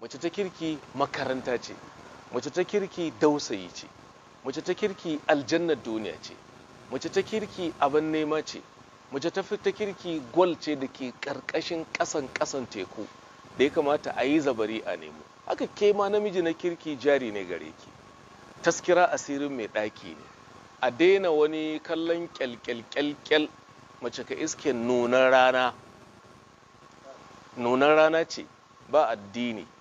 mace ta kirki makaranta ce mace ta kirki dausayi ce mace ta kirki aljannar duniya ce mace ta kirki abin nema ce mace ta ta kirki gwal ce da ke karkashin kasan kasan teku da ya kamata a yi zabari a nemo haka ke ma namiji na kirki jari ne gare ki taskira asirin mai ɗaki ne a daina wani kallon kyalkyalkyalkyal mace ka iske nunan rana nunan rana ce ba addini